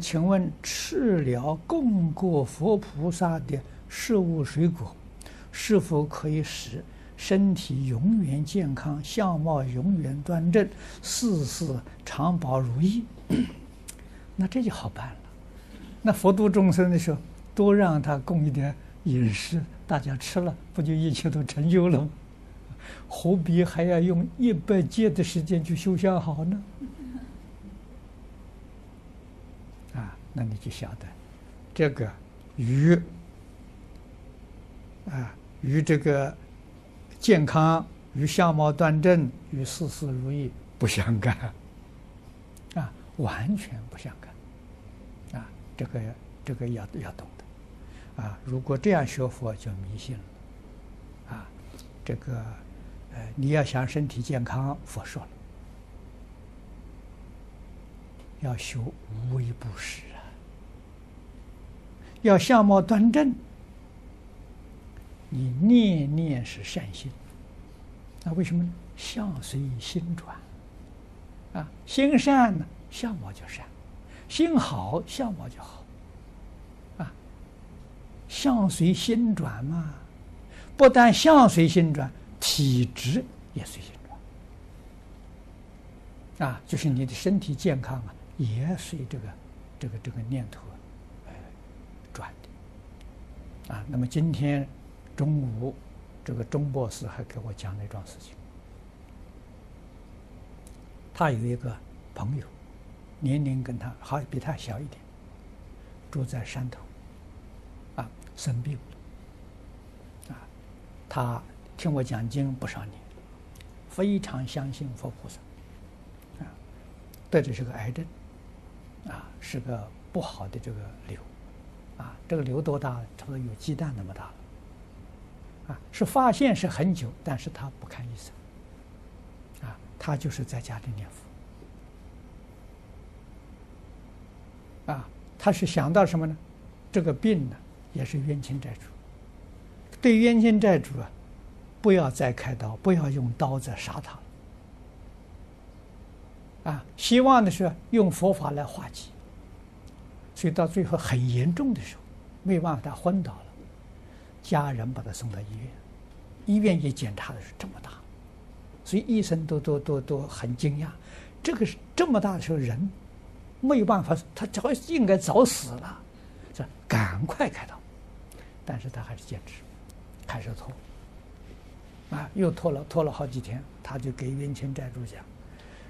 請問，吃了供過佛菩薩的食物水果，是否可以使身體永遠健康、相貌永遠端正、事事長保如意？ 那這就好辦了。那佛度眾生的時候，多讓他供一點飲食，大家吃了，不就一切都成就了嗎？何必還要用一百劫的時間去修相好呢？那你就曉得，這個與啊與這個健康、與相貌端正、與事事如意不相干啊，完全不相干啊，這個這個要要懂得啊。如果這樣學佛，就迷信了啊。這個呃，你要想身體健康，佛說了，要修無畏布施啊。要相貌端正，你念念是善心，那為什麼呢？相隨心轉，啊，心善呢，相貌就善；心好，相貌就好，啊，相隨心轉嘛。不但相隨心轉，體質也隨心轉，啊，就是你的身體健康啊，也隨這個、這個、這個念頭啊。那麼今天中午，這個鍾博士還給我講了一樁事情。他有一個朋友，年齡跟他好像比他小一點，住在山頭，啊，生病了。啊，他聽我講經不少年，非常相信佛菩薩，啊，得的是個癌症，啊，是個不好的這個瘤。這個瘤多大了？差不多有雞蛋那麼大了，啊，是發現是很久，但是他不看醫生，啊，他就是在家裡念佛，啊，他是想到什麼呢？這個病呢，也是冤親債主，對冤親債主啊，不要再開刀，不要用刀子殺他了，啊，希望的是用佛法來化解，所以到最後很嚴重的時候。沒有辦法，他昏倒了，家人把他送到醫院，醫院一檢查的是這麼大，所以醫生都都都都很驚訝，這個是這麼大的時候人，沒有辦法，他早應該早死了，這趕快開刀，但是他還是堅持，開始拖，啊，又拖了拖了好幾天，他就給冤親債主講，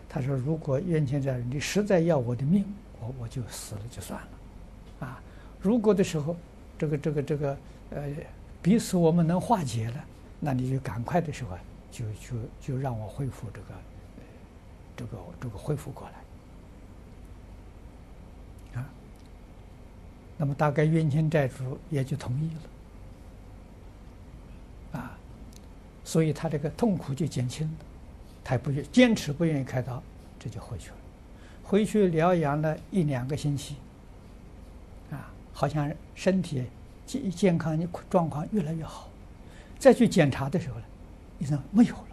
他說如果冤親債主你實在要我的命，我我就死了就算了，啊。如果的時候，這個這個這個，呃，彼此我們能化解了，那你就趕快的時候啊，就就就讓我恢復這個，這個這個恢復過來，啊，那麼大概冤親債主也就同意了，啊，所以他這個痛苦就減輕了，他也不願堅持，不願意開刀，這就回去了，回去療養了一兩個星期。好像身體健健康狀況越來越好，再去檢查的時候呢，醫生沒有了，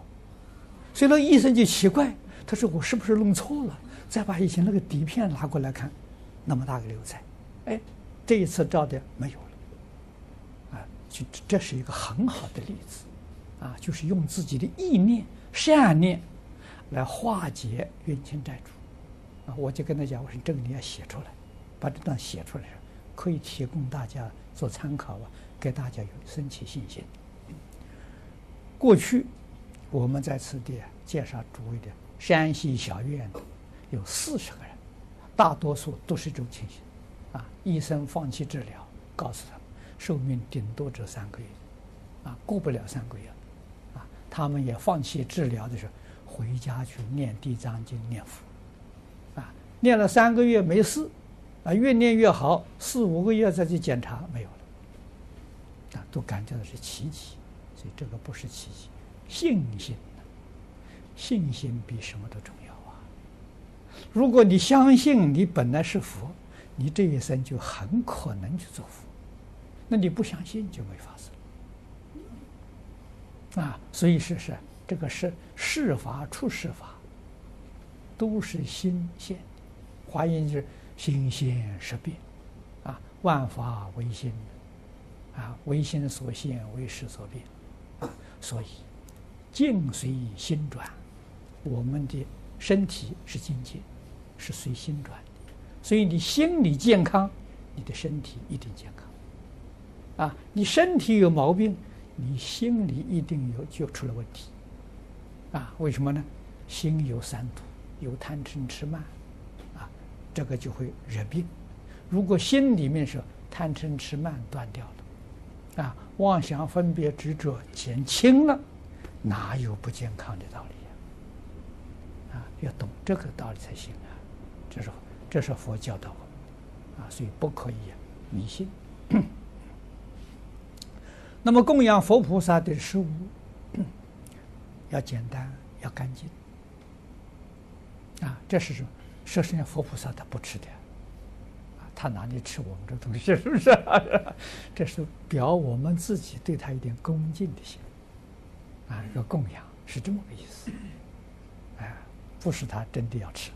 所以那個醫生就奇怪，他說我是不是弄錯了？再把以前那個底片拿過來看，那麼大個瘤子，哎，這一次照的沒有了，啊，就這是一個很好的例子，啊，就是用自己的意念善念來化解冤親債主，啊，我就跟他講，我說這個你要寫出來，把這段寫出來。可以提供大家做參考啊，給大家有升起信心。過去我們在此地介紹諸位的山西小院，有四十個人，大多數都是這種情形，啊，醫生放棄治療，告訴他們壽命頂多只有三個月，啊，過不了三個月，啊，他們也放棄治療的時候，回家去念地藏經、念佛，啊，念了三個月沒事。啊，越念越好，四五個月再去檢查沒有了，啊，都感覺到是奇蹟，所以這個不是奇蹟，信心、啊，信心比什麼都重要啊！如果你相信你本來是佛，你這一生就很可能去做佛，那你不相信就沒法子。啊，所以是是這個是事法處事法，都是心現，華嚴就是。心現識變，啊，萬法唯心，啊，唯心所現，唯識所變，啊。所以，境隨心轉。我們的身體是境界，是隨心轉的。所以，你心理健康，你的身體一定健康。啊，你身體有毛病，你心裡一定有就出了問題。啊，為什麼呢？心有三毒，有貪嗔痴慢。這個就會惹病。如果心裡面是貪嗔癡慢斷掉了，啊，妄想分別執着減輕了，哪有不健康的道理呀？啊，啊，要懂這個道理才行啊！這是這是佛教導的啊，所以不可以啊、迷信。 那麼供養佛菩薩的食物要簡單，要乾淨，啊，這是什麼？說實話，佛菩薩，他不吃的，他哪裡吃我們這東西？是不是，是？這是表我們自己對他一點恭敬的心，啊，要供養是這麼個意思，哎，不是他真的要吃。